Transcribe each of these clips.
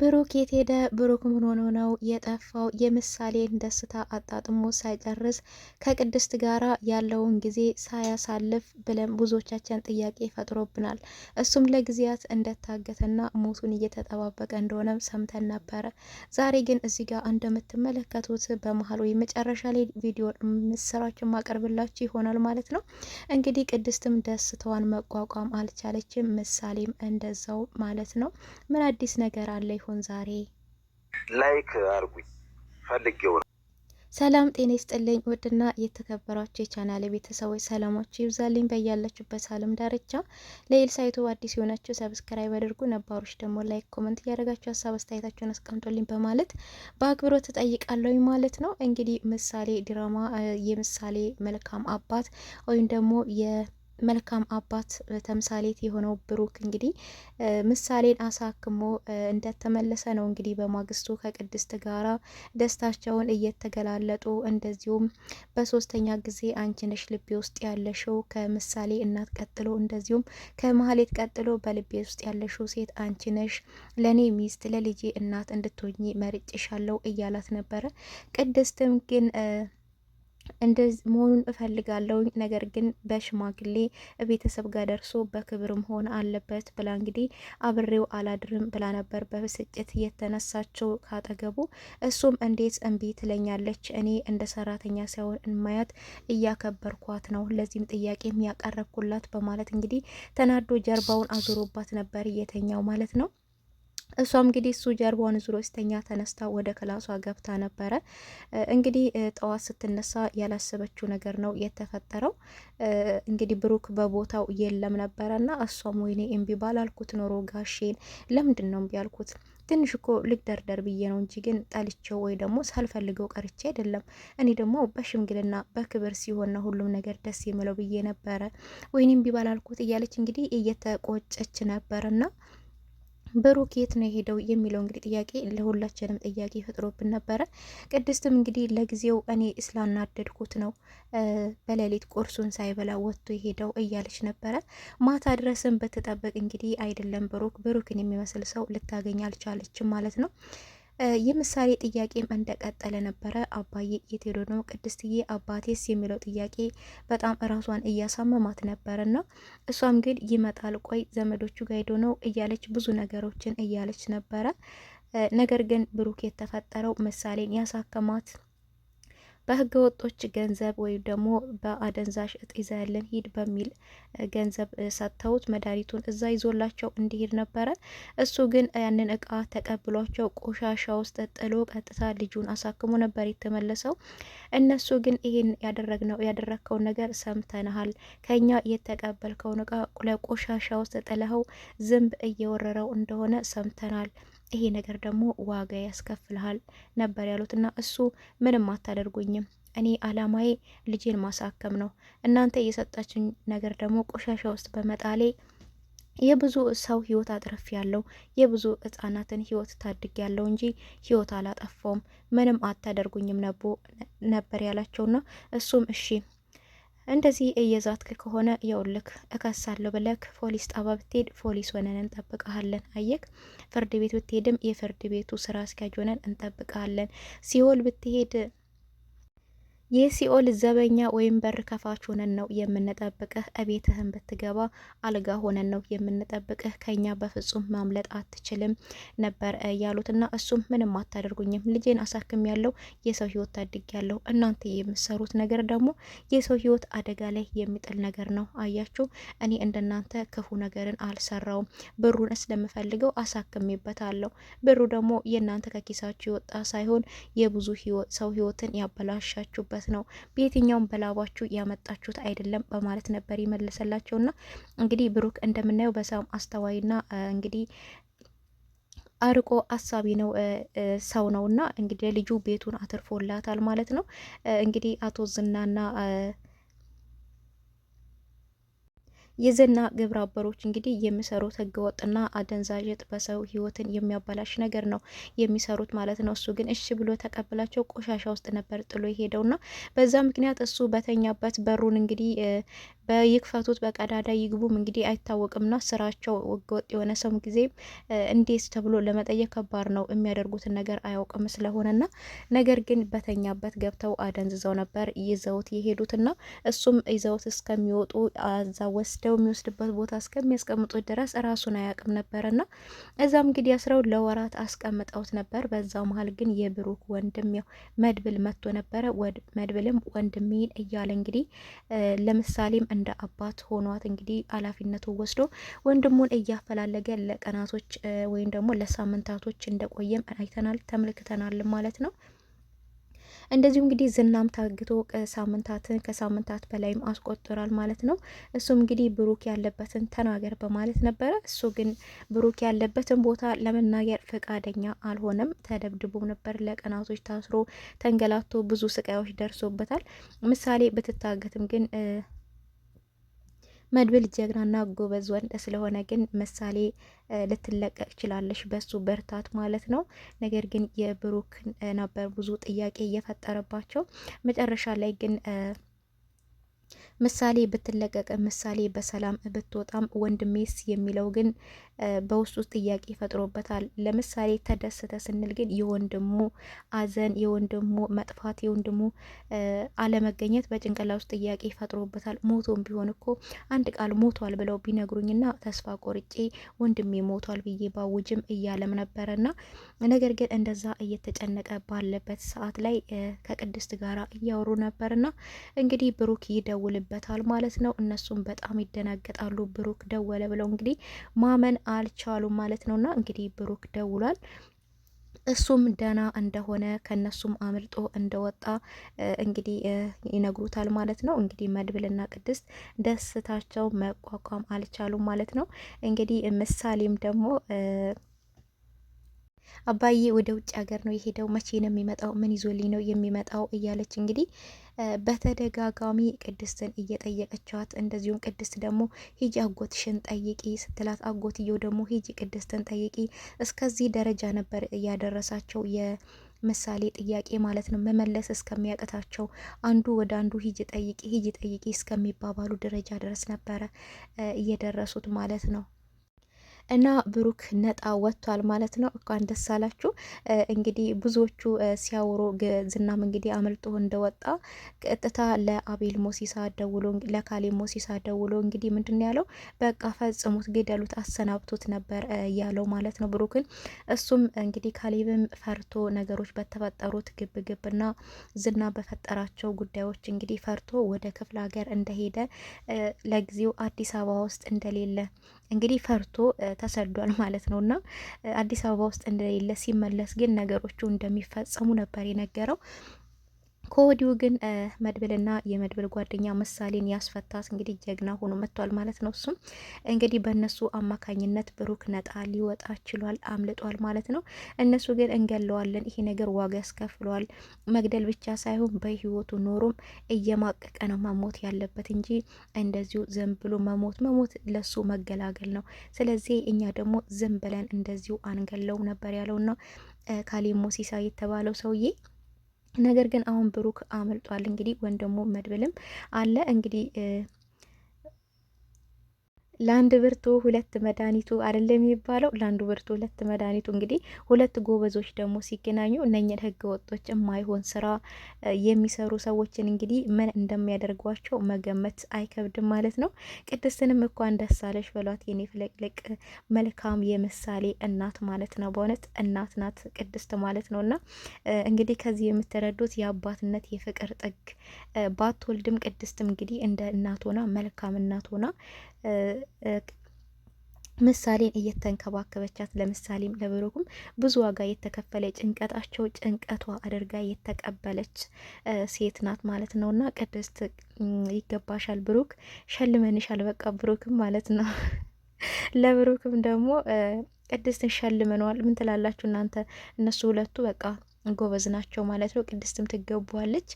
ብሩክ የት ሄደ? ብሩክ ምን ሆኖ ነው የጠፋው? የምሳሌን ደስታ አጣጥሞ ሳይጨርስ ከቅድስት ጋር ያለውን ጊዜ ሳያሳልፍ ብለን ብዙዎቻችን ጥያቄ ፈጥሮብናል። እሱም ለጊዜያት እንደታገተና ሞቱን እየተጠባበቀ እንደሆነም ሰምተን ነበረ። ዛሬ ግን እዚህ ጋር እንደምትመለከቱት በመሀል ወይ መጨረሻ ላይ ቪዲዮ ምስራችን ማቀርብላችሁ ይሆናል ማለት ነው። እንግዲህ ቅድስትም ደስታዋን መቋቋም አልቻለችም፣ ምሳሌም እንደዛው ማለት ነው። ምን አዲስ ነገር አለ ይሆን ዛሬ? ላይክ አርጉኝ ፈልጌው ነው። ሰላም ጤና ይስጥልኝ። ውድና የተከበራችሁ የቻናል ቤተሰቦች ሰላማችሁ ይብዛልኝ በያላችሁበት ዓለም ዳርቻ። ለኤልሳ ዩቱብ አዲስ የሆናችሁ ሰብስክራይብ አድርጉ፣ ነባሮች ደግሞ ላይክ፣ ኮመንት እያደረጋችሁ ሀሳብ አስተያየታችሁን አስቀምጦልኝ በማለት በአክብሮት እጠይቃለሁ ማለት ነው። እንግዲህ ምሳሌ ድራማ የምሳሌ መልካም አባት ወይም ደግሞ መልካም አባት ተምሳሌት የሆነው ብሩክ እንግዲህ ምሳሌን አሳክሞ እንደተመለሰ ነው። እንግዲህ በማግስቱ ከቅድስት ጋራ ደስታቸውን እየተገላለጡ እንደዚሁም በሶስተኛ ጊዜ አንቺ ነሽ ልቤ ውስጥ ያለሽው ከምሳሌ እናት ቀጥሎ እንደዚሁም ከመሀሌት ቀጥሎ በልቤ ውስጥ ያለሽው ሴት አንቺ ነሽ፣ ለእኔ ሚስት ለልጄ እናት እንድትሆኚ መርጬሻለሁ እያላት ነበረ። ቅድስትም ግን እንደዚህ መሆኑን እፈልጋለሁ። ነገር ግን በሽማግሌ ቤተሰብ ጋር ደርሶ በክብር መሆን አለበት ብላ እንግዲህ አብሬው አላድርም ብላ ነበር በብስጭት የተነሳቸው ካጠገቡ። እሱም እንዴት እምቢ ትለኛለች? እኔ እንደ ሰራተኛ ሳይሆን እማያት እያከበርኳት ነው፣ ለዚህም ጥያቄ ያቀረብኩላት በማለት እንግዲህ ተናዶ ጀርባውን አዙሮባት ነበር እየተኛው ማለት ነው። እሷም እንግዲህ እሱ ጀርባውን ዙሮ ስተኛ ተነስታ ወደ ክላሷ ገብታ ነበረ። እንግዲህ ጠዋት ስትነሳ ያላሰበችው ነገር ነው የተፈጠረው። እንግዲህ ብሩክ በቦታው የለም ነበረና እሷም ወይኔ እምቢ ባላልኩት ኖሮ ጋሼን ለምንድን ነው እምቢ ያልኩት? ትንሽ እኮ ልግደርደር ብዬ ነው እንጂ ግን ጠልቼው ወይ ደግሞ ሳልፈልገው ቀርቼ አይደለም። እኔ ደግሞ በሽምግልና በክብር ሲሆንና ሁሉም ነገር ደስ የሚለው ብዬ ነበረ። ወይኔ እምቢ ባላልኩት እያለች እንግዲህ እየተቆጨች ነበርና ብሩክ የት ነው የሄደው የሚለው እንግዲህ ጥያቄ ለሁላችንም ጥያቄ ፈጥሮብን ነበረ። ቅድስትም እንግዲህ ለጊዜው እኔ ስላናደድኩት ነው በሌሊት ቁርሱን ሳይበላ ወጥቶ የሄደው እያለች ነበረ። ማታ ድረስም በተጠበቅ እንግዲህ አይደለም ብሩክ ብሩክን የሚመስል ሰው ልታገኝ አልቻለችም ማለት ነው። የምሳሌ ጥያቄም እንደቀጠለ ነበረ። አባዬ የት ሄዶ ነው? ቅድስትዬ አባቴስ የሚለው ጥያቄ በጣም እራሷን እያሳመማት ነበረ ነበርና እሷም ግን ይመጣል፣ ቆይ ዘመዶቹ ጋር ሄዶ ነው እያለች ብዙ ነገሮችን እያለች ነበረ። ነገር ግን ብሩክ የተፈጠረው ምሳሌን ያሳከማት በህገ ወጦች ገንዘብ ወይም ደግሞ በአደንዛዥ እጥ ይዘህልን ሂድ በሚል ገንዘብ ሰጥተውት መድኃኒቱን እዛ ይዞላቸው እንዲሄድ ነበረ። እሱ ግን ያንን እቃ ተቀብሏቸው ቆሻሻ ውስጥ ጥሎ ቀጥታ ልጁን አሳክሞ ነበር የተመለሰው። እነሱ ግን ይሄን ያደረግነው ያደረግከውን ነገር ሰምተናሃል፣ ከኛ የተቀበልከውን እቃ ለቆሻሻ ውስጥ ጥለኸው ዝንብ እየወረረው እንደሆነ ሰምተናል። ይሄ ነገር ደግሞ ዋጋ ያስከፍልሃል ነበር ያሉት እና እሱ ምንም አታደርጉኝም እኔ አላማዬ ልጄን ማሳከም ነው። እናንተ የሰጣችን ነገር ደግሞ ቆሻሻ ውስጥ በመጣሌ የብዙ ሰው ህይወት አጥረፍ ያለው የብዙ ህጻናትን ህይወት ታድግ ያለው እንጂ ህይወት አላጠፋውም። ምንም አታደርጉኝም ነቦ ነበር ያላቸውና እሱም እሺ እንደዚህ እየዛትክ ከሆነ የውልክ እከሳለሁ ብለክ ፖሊስ ጣባ ብትሄድ ፖሊስ ሆነን እንጠብቀሃለን። አየክ ፍርድ ቤት ብትሄድም የፍርድ ቤቱ ስራ አስኪያጅ ሆነን እንጠብቀሃለን። ሲኦል ብትሄድ የሲኦል ዘበኛ ወይም በር ከፋች ሆነን ነው የምንጠብቅህ። እቤትህን ብትገባ አልጋ ሆነን ነው የምንጠብቅህ። ከኛ በፍጹም ማምለጥ አትችልም ነበር ያሉትና እሱም ምንም አታደርጉኝም፣ ልጄን አሳክም ያለው የሰው ህይወት ታድግ ያለው እናንተ የምሰሩት ነገር ደግሞ የሰው ህይወት አደጋ ላይ የሚጥል ነገር ነው። አያችሁ፣ እኔ እንደናንተ ክፉ ነገርን አልሰራውም። ብሩን ስለምፈልገው አሳክሜበታለሁ። ብሩ ደግሞ የእናንተ ከኪሳችሁ የወጣ ሳይሆን የብዙ ሰው ህይወትን ያበላሻችሁበት ያለበት ነው። በየትኛውም በላባችሁ ያመጣችሁት አይደለም በማለት ነበር እና እንግዲህ ብሩክ እንደምናየው በሰም አስተዋይና እንግዲህ አርቆ አሳቢ ነው ሰው እና እንግዲህ ልጁ ቤቱን አትርፎላታል ማለት ነው። እንግዲህ አቶ ዝናና የዝና ግብረ አበሮች እንግዲህ የሚሰሩት ህገወጥና አደንዛዥ እጽ በሰው ህይወትን የሚያበላሽ ነገር ነው የሚሰሩት ማለት ነው። እሱ ግን እሺ ብሎ ተቀብላቸው ቆሻሻ ውስጥ ነበር ጥሎ የሄደውና በዛ ምክንያት እሱ በተኛበት በሩን እንግዲህ በይክፈቱት በቀዳዳ ይግቡም እንግዲህ አይታወቅምና ስራቸው ህገወጥ የሆነ ሰው ጊዜ እንዴት ተብሎ ለመጠየቅ ከባድ ነው። የሚያደርጉትን ነገር አያውቅም ስለሆነና ነገር ግን በተኛበት ገብተው አደንዝዘው ነበር ይዘውት የሄዱትና እሱም ይዘውት እስከሚወጡ አዛ ወስድ ወስደው የሚወስድበት ቦታ እስከሚያስቀምጡት ድረስ ራሱን አያውቅም ነበርና እዛም እንግዲህ አስረው ለወራት አስቀምጠውት ነበር። በዛው መሀል ግን የብሩክ ወንድም ያው መድብል መጥቶ ነበረ። መድብልም ወንድሜን እያለ እንግዲህ ለምሳሌም እንደ አባት ሆኗት እንግዲህ ኃላፊነቱ ወስዶ ወንድሙን እያፈላለገ ለቀናቶች ወይም ደግሞ ለሳምንታቶች እንደቆየም አይተናል ተመልክተናል ማለት ነው። እንደዚሁ እንግዲህ ዝናም ታግቶ ሳምንታትን ከሳምንታት በላይም አስቆጥሯል ማለት ነው። እሱም እንግዲህ ብሩክ ያለበትን ተናገር በማለት ነበረ። እሱ ግን ብሩክ ያለበትን ቦታ ለመናገር ፈቃደኛ አልሆነም። ተደብድቦ ነበር፣ ለቀናቶች ታስሮ ተንገላቶ ብዙ ስቃዮች ደርሶበታል። ምሳሌ ብትታገትም ግን መድብል ጀግናና ጎበዝ ወንድ ስለሆነ ግን ምሳሌ ልትለቀቅ ችላለች በሱ በርታት ማለት ነው። ነገር ግን የብሩክ ነበር ብዙ ጥያቄ እየፈጠረባቸው መጨረሻ ላይ ግን ምሳሌ ብትለቀቅ ምሳሌ በሰላም ብትወጣም ወንድሜስ የሚለው ግን በውስጡ ጥያቄ ፈጥሮበታል። ለምሳሌ ተደስተ ስንል ግን የወንድሙ አዘን፣ የወንድሙ መጥፋት፣ የወንድሙ አለመገኘት በጭንቅላ ውስጥ ጥያቄ ፈጥሮበታል። ሞቶም ቢሆን እኮ አንድ ቃል ሞቷል ብለው ቢነግሩኝና ተስፋ ቆርጬ ወንድሜ ሞቷል ብዬ ባውጅም እያለም ነበረና ነገር ግን እንደዛ እየተጨነቀ ባለበት ሰዓት ላይ ከቅድስት ጋራ እያወሩ ነበርና እንግዲህ ብሩክ ይደውልበት ይደርስበታል ማለት ነው። እነሱም በጣም ይደናገጣሉ። ብሩክ ደወለ ብለው እንግዲህ ማመን አልቻሉም ማለት እና እንግዲህ ብሩክ ደውሏል። እሱም ደህና እንደሆነ ከነሱም አምልጦ እንደወጣ እንግዲህ ይነግሩታል ማለት ነው። እንግዲህ መድብልና ቅድስት ደስታቸው መቋቋም አልቻሉም ማለት ነው። እንግዲህ ምሳሌም ደግሞ አባዬ ወደ ውጭ ሀገር ነው የሄደው፣ መቼ ነው የሚመጣው? ምን ይዞልኝ ነው የሚመጣው? እያለች እንግዲህ በተደጋጋሚ ቅድስትን እየጠየቀቻት እንደዚሁም ቅድስት ደግሞ ሂጂ አጎትሽን ጠይቂ ስትላት አጎትየው ደግሞ ሂጂ ቅድስትን ጠይቂ እስከዚህ ደረጃ ነበር እያደረሳቸው ምሳሌ ጥያቄ ማለት ነው። መመለስ እስከሚያቅታቸው አንዱ ወደ አንዱ ሂጂ ጠይቂ ሂጂ ጠይቂ እስከሚባባሉ ደረጃ ድረስ ነበረ እየደረሱት ማለት ነው። እና ብሩክ ነጣ ወጥቷል ማለት ነው። እንኳን ደስ አላችሁ። እንግዲህ ብዙዎቹ ሲያወሩ ዝናም እንግዲህ አመልጦ እንደወጣ ቀጥታ ለአቤል ሞሲሳ ደውሎ ለካሌ ሞሲሳ ደውሎ እንግዲህ ምንድን ያለው በቃ ፈጽሙት፣ ግደሉት፣ አሰናብቱት ነበር ያለው ማለት ነው ብሩክን። እሱም እንግዲህ ካሌብም ፈርቶ ነገሮች በተፈጠሩት ግብግብና ዝና በፈጠራቸው ጉዳዮች እንግዲህ ፈርቶ ወደ ክፍለ ሀገር እንደሄደ ለጊዜው አዲስ አበባ ውስጥ እንደሌለ እንግዲህ ፈርቶ ተሰዷል ማለት ነው። እና አዲስ አበባ ውስጥ እንደሌለ ሲመለስ ግን ነገሮቹ እንደሚፈጸሙ ነበር የነገረው። ከወዲሁ ግን መድብልና የመድብል ጓደኛ ምሳሌን ያስፈታት እንግዲህ ጀግና ሆኖ መጥቷል ማለት ነው። እሱም እንግዲህ በእነሱ አማካኝነት ብሩክ ነጣ ሊወጣ ችሏል፣ አምልጧል ማለት ነው። እነሱ ግን እንገለዋለን፣ ይሄ ነገር ዋጋ ያስከፍለዋል፣ መግደል ብቻ ሳይሆን በህይወቱ ኖሮም እየማቀቀ ነው መሞት ያለበት እንጂ እንደዚሁ ዝም ብሎ መሞት መሞት ለሱ መገላገል ነው። ስለዚህ እኛ ደግሞ ዝም ብለን እንደዚሁ አንገለው ነበር ያለውና ካሌ ሞሲሳ የተባለው ሰውዬ ነገር ግን አሁን ብሩክ አመልጧል። እንግዲህ ወይም ደግሞ መድብልም አለ እንግዲህ ለአንድ ብርቱ ሁለት መድኃኒቱ አይደለም የሚባለው? ለአንዱ ብርቱ ሁለት መድኃኒቱ። እንግዲህ ሁለት ጎበዞች ደግሞ ሲገናኙ እነኝን ህገ ወጦች የማይሆን ስራ የሚሰሩ ሰዎችን እንግዲህ ምን እንደሚያደርጓቸው መገመት አይከብድም ማለት ነው። ቅድስትንም እንኳን ደስ አለሽ በሏት የኔ መልካም የምሳሌ እናት ማለት ነው። በእውነት እናት ናት ቅድስት ማለት ነው። እና እንግዲህ ከዚህ የምትረዱት የአባትነት የፍቅር ጥግ፣ ባትወልድም ቅድስትም እንግዲህ እንደ እናት ሆና መልካም እናት ሆና ምሳሌን እየተንከባከበቻት ለምሳሌም ለብሩክም ብዙ ዋጋ የተከፈለ ጭንቀታቸው ጭንቀቷ አድርጋ የተቀበለች ሴት ናት ማለት ነው። እና ቅድስት ይገባሻል፣ ብሩክ ሸልመንሻል፣ በቃ ብሩክም ማለት ነው። ለብሩክም ደግሞ ቅድስትን ሸልመነዋል። ምን ትላላችሁ እናንተ? እነሱ ሁለቱ በቃ ጎበዝ ናቸው ማለት ነው። ቅድስትም ትገቧለች፣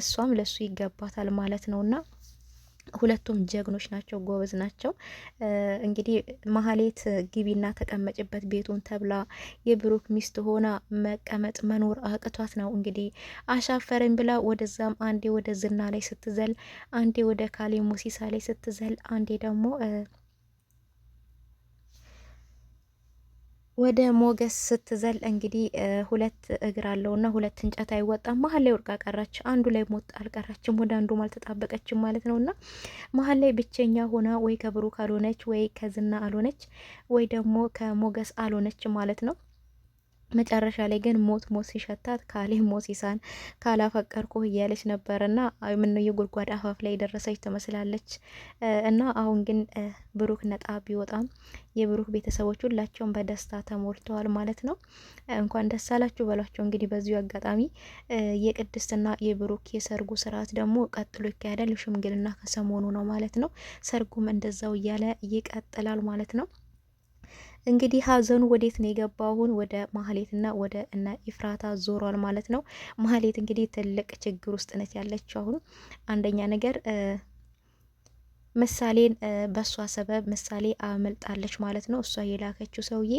እሷም ለሱ ይገባታል ማለት ነውና ሁለቱም ጀግኖች ናቸው፣ ጎበዝ ናቸው። እንግዲህ መሀሌት ግቢና ተቀመጭበት ቤቱን ተብላ የብሩክ ሚስት ሆና መቀመጥ መኖር አቅቷት ነው እንግዲህ አሻፈረኝ ብላ ወደዛም አንዴ ወደ ዝና ላይ ስትዘል፣ አንዴ ወደ ካሌ ሙሲሳ ላይ ስትዘል፣ አንዴ ደግሞ ወደ ሞገስ ስትዘል እንግዲህ ሁለት እግር አለውና ሁለት እንጨት አይወጣም። መሀል ላይ ወድቃ ቀረች። አንዱ ላይ ሞት አልቀረችም፣ ወደ አንዱም አልተጣበቀችም ማለት ነውና መሀል ላይ ብቸኛ ሆና ወይ ከብሩክ አልሆነች፣ ወይ ከዝና አልሆነች፣ ወይ ደግሞ ከሞገስ አልሆነች ማለት ነው። መጨረሻ ላይ ግን ሞት ሞት ሲሸታት ካሌ ሞሲሳን ካላፈቀርኩ እያለች ነበር እና ምነው የጉድጓድ አፋፍ ላይ የደረሰች ትመስላለች። እና አሁን ግን ብሩክ ነጣ ቢወጣም የብሩክ ቤተሰቦች ሁላቸውም በደስታ ተሞልተዋል ማለት ነው። እንኳን ደስ አላችሁ በሏቸው። እንግዲህ በዚሁ አጋጣሚ የቅድስትና የብሩክ የሰርጉ ስርዓት ደግሞ ቀጥሎ ይካሄዳል። ሽምግልና ከሰሞኑ ነው ማለት ነው። ሰርጉም እንደዛው እያለ ይቀጥላል ማለት ነው። እንግዲህ ሀዘኑ ወዴት ነው አሁን ወደ ማህሌትና ወደ እነ ኢፍራታ ዞሯል ማለት ነው። ማህሌት እንግዲህ ትልቅ ችግር ውስጥ ነች ያለችው አሁን። አንደኛ ነገር ምሳሌን በእሷ ሰበብ ምሳሌ አመልጣለች ማለት ነው። እሷ የላከችው ሰውዬ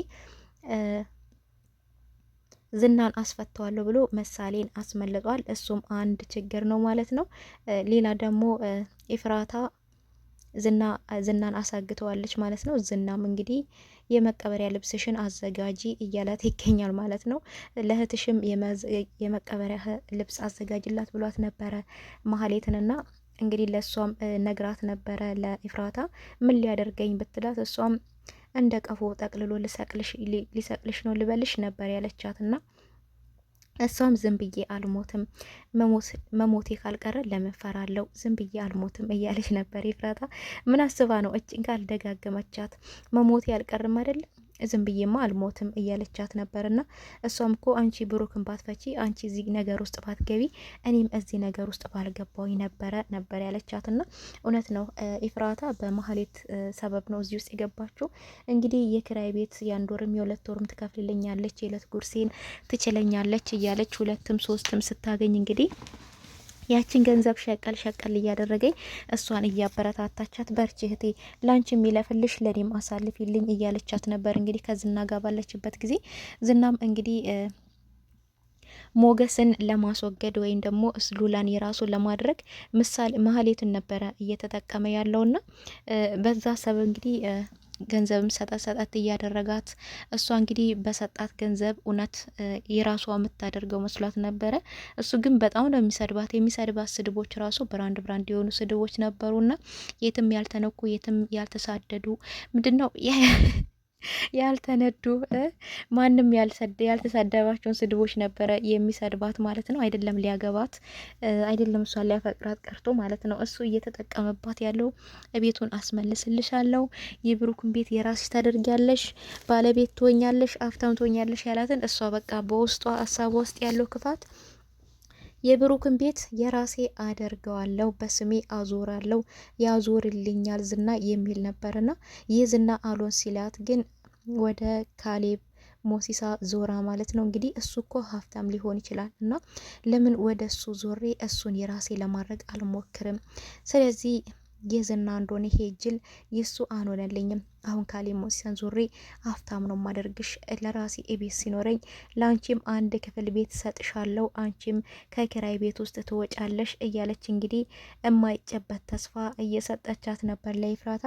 ዝናን አስፈተዋለሁ ብሎ ምሳሌን አስመልጧል። እሱም አንድ ችግር ነው ማለት ነው። ሌላ ደግሞ ኢፍራታ ዝና ዝናን አሳግተዋለች ማለት ነው። ዝናም እንግዲህ የመቀበሪያ ልብስሽን አዘጋጂ እያላት ይገኛል ማለት ነው። ለእህትሽም የመቀበሪያ ልብስ አዘጋጅላት ብሏት ነበረ መሀሌትንና እንግዲህ ለእሷም ነግራት ነበረ ለኢፍራታ ምን ሊያደርገኝ ብትላት እሷም እንደ ቀፎ ጠቅልሎ ሊሰቅልሽ ነው ልበልሽ ነበር ያለቻትና እሷም ዝም ብዬ አልሞትም፣ መሞቴ ካልቀረ ለምን ፈራለው? ዝም ብዬ አልሞትም እያለች ነበር። ይፍራታ ምን አስባ ነው እጭን ቃል ደጋገመቻት? መሞቴ አልቀርም አይደለም ዝም ብዬማ አልሞትም እያለቻት ነበርና እሷም እኮ አንቺ ብሩክን ባትፈቺ አንቺ እዚህ ነገር ውስጥ ባትገቢ እኔም እዚህ ነገር ውስጥ ባልገባኝ ነበረ ነበር ያለቻትና እውነት ነው። ኢፍራታ በማህሌት ሰበብ ነው እዚህ ውስጥ የገባችው። እንግዲህ የክራይ ቤት የአንድ ወርም የሁለት ወርም ትከፍልልኛለች፣ የዕለት ጉርሴን ትችለኛለች እያለች ሁለትም ሶስትም ስታገኝ እንግዲህ ያችን ገንዘብ ሸቀል ሸቀል እያደረገኝ እሷን እያበረታታቻት በርቺ እህቴ፣ ላንቺ የሚለፍልሽ ለኔም አሳልፊልኝ እያለቻት ነበር። እንግዲህ ከዝና ጋር ባለችበት ጊዜ ዝናም እንግዲህ ሞገስን ለማስወገድ ወይም ደግሞ ሉላን የራሱ ለማድረግ ምሳሌ ማህሌትን ነበረ እየተጠቀመ ያለውና በዛ ሰብ እንግዲህ ገንዘብም ሰጠት ሰጠት እያደረጋት እሷ እንግዲህ በሰጣት ገንዘብ እውነት የራሷ የምታደርገው መስሏት ነበረ። እሱ ግን በጣም ነው የሚሰድባት። የሚሰድባት ስድቦች ራሱ ብራንድ ብራንድ የሆኑ ስድቦች ነበሩና የትም ያልተነኩ የትም ያልተሳደዱ ምንድን ነው ያልተነዱ ማንም ያልተሳደባቸውን ስድቦች ነበረ የሚሰድባት ማለት ነው። አይደለም ሊያገባት አይደለም እሷ ሊያፈቅራት ቀርቶ ማለት ነው። እሱ እየተጠቀመባት ያለው ቤቱን አስመልስልሻለሁ፣ የብሩክን ቤት የራስሽ ታደርጊያለሽ፣ ባለቤት ትሆኛለሽ፣ አፍታም ትሆኛለሽ ያላትን እሷ በቃ በውስጧ ሀሳቧ ውስጥ ያለው ክፋት የብሩክን ቤት የራሴ አደርገዋለሁ፣ በስሜ አዞራለሁ፣ ያዞርልኛል ዝና የሚል ነበርና ይህ ዝና አሎን ሲላት ግን ወደ ካሌብ ሞሲሳ ዞራ ማለት ነው እንግዲህ። እሱ እኮ ሀብታም ሊሆን ይችላል እና ለምን ወደ እሱ ዞሬ እሱን የራሴ ለማድረግ አልሞክርም? ስለዚህ የዝና እንደሆነ ይሄ ጅል የሱ አንሆነልኝም። አሁን ካሊሞሲያን ዙሬ አፍታም ነው ማደርግሽ። ለራሴ ቤት ሲኖረኝ ለአንቺም አንድ ክፍል ቤት ሰጥሻለው፣ አንቺም ከኪራይ ቤት ውስጥ ትወጫለሽ እያለች እንግዲህ የማይጨበት ተስፋ እየሰጠቻት ነበር ለይፍራታ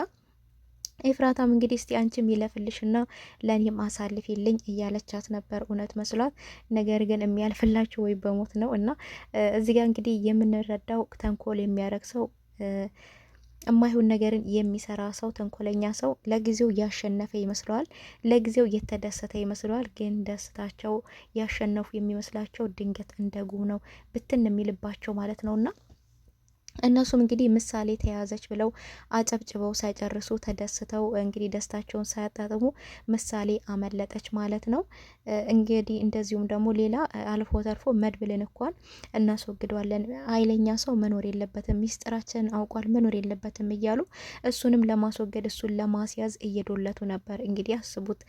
ኤፍራታም እንግዲህ እስቲ አንቺም ይለፍልሽና ለእኔም አሳልፊልኝ እያለቻት ነበር፣ እውነት መስሏት። ነገር ግን የሚያልፍላችሁ ወይ በሞት ነው። እና እዚጋ እንግዲህ የምንረዳው ተንኮል የሚያረግ ሰው የማይሆን ነገርን የሚሰራ ሰው፣ ተንኮለኛ ሰው ለጊዜው ያሸነፈ ይመስለዋል፣ ለጊዜው የተደሰተ ይመስለዋል። ግን ደስታቸው ያሸነፉ የሚመስላቸው ድንገት እንደ ጉም ነው ብትን የሚልባቸው ማለት ነውና እነሱም እንግዲህ ምሳሌ ተያዘች ብለው አጨብጭበው ሳይጨርሱ ተደስተው እንግዲህ ደስታቸውን ሳያጣጥሙ ምሳሌ አመለጠች ማለት ነው። እንግዲህ እንደዚሁም ደግሞ ሌላ አልፎ ተርፎ መድብልን እንኳን እናስወግደዋለን፣ ኃይለኛ ሰው መኖር የለበትም፣ ሚስጥራችን አውቋል፣ መኖር የለበትም እያሉ እሱንም ለማስወገድ እሱን ለማስያዝ እየዶለቱ ነበር። እንግዲህ አስቡት።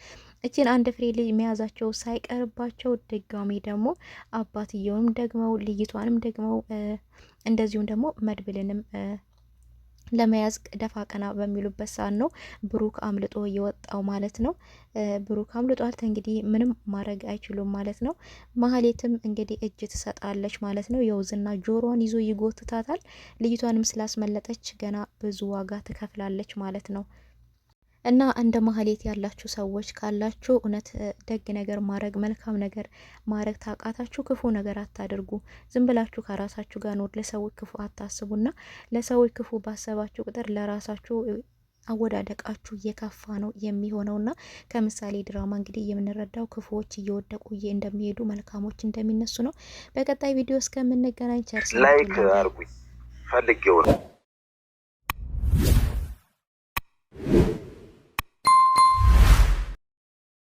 እችን አንድ ፍሬ ልጅ መያዛቸው ሳይቀርባቸው ድጋሚ ደግሞ አባትየውም ደግመው ልይቷንም ደግመው እንደዚሁም ደግሞ መድብልንም ለመያዝ ደፋ ቀና በሚሉበት ሰዓት ነው ብሩክ አምልጦ የወጣው ማለት ነው። ብሩክ አምልጧል። እንግዲህ ምንም ማድረግ አይችሉም ማለት ነው። መሀሌትም እንግዲህ እጅ ትሰጣለች ማለት ነው። የውዝና ጆሮዋን ይዞ ይጎትታታል። ልጅቷንም ስላስመለጠች ገና ብዙ ዋጋ ትከፍላለች ማለት ነው። እና እንደ ማህሌት ያላችሁ ሰዎች ካላችሁ እውነት ደግ ነገር ማድረግ መልካም ነገር ማድረግ ታቃታችሁ፣ ክፉ ነገር አታድርጉ። ዝም ብላችሁ ከራሳችሁ ጋር ኖር። ለሰዎች ክፉ አታስቡና ለሰዎች ክፉ ባሰባችሁ ቁጥር ለራሳችሁ አወዳደቃችሁ እየከፋ ነው የሚሆነውና ከምሳሌ ድራማ እንግዲህ የምንረዳው ክፉዎች እየወደቁ እንደሚሄዱ መልካሞች እንደሚነሱ ነው። በቀጣይ ቪዲዮ እስከምንገናኝ ቸርስ ላይክ አርጉኝ ፈልጌው ነው።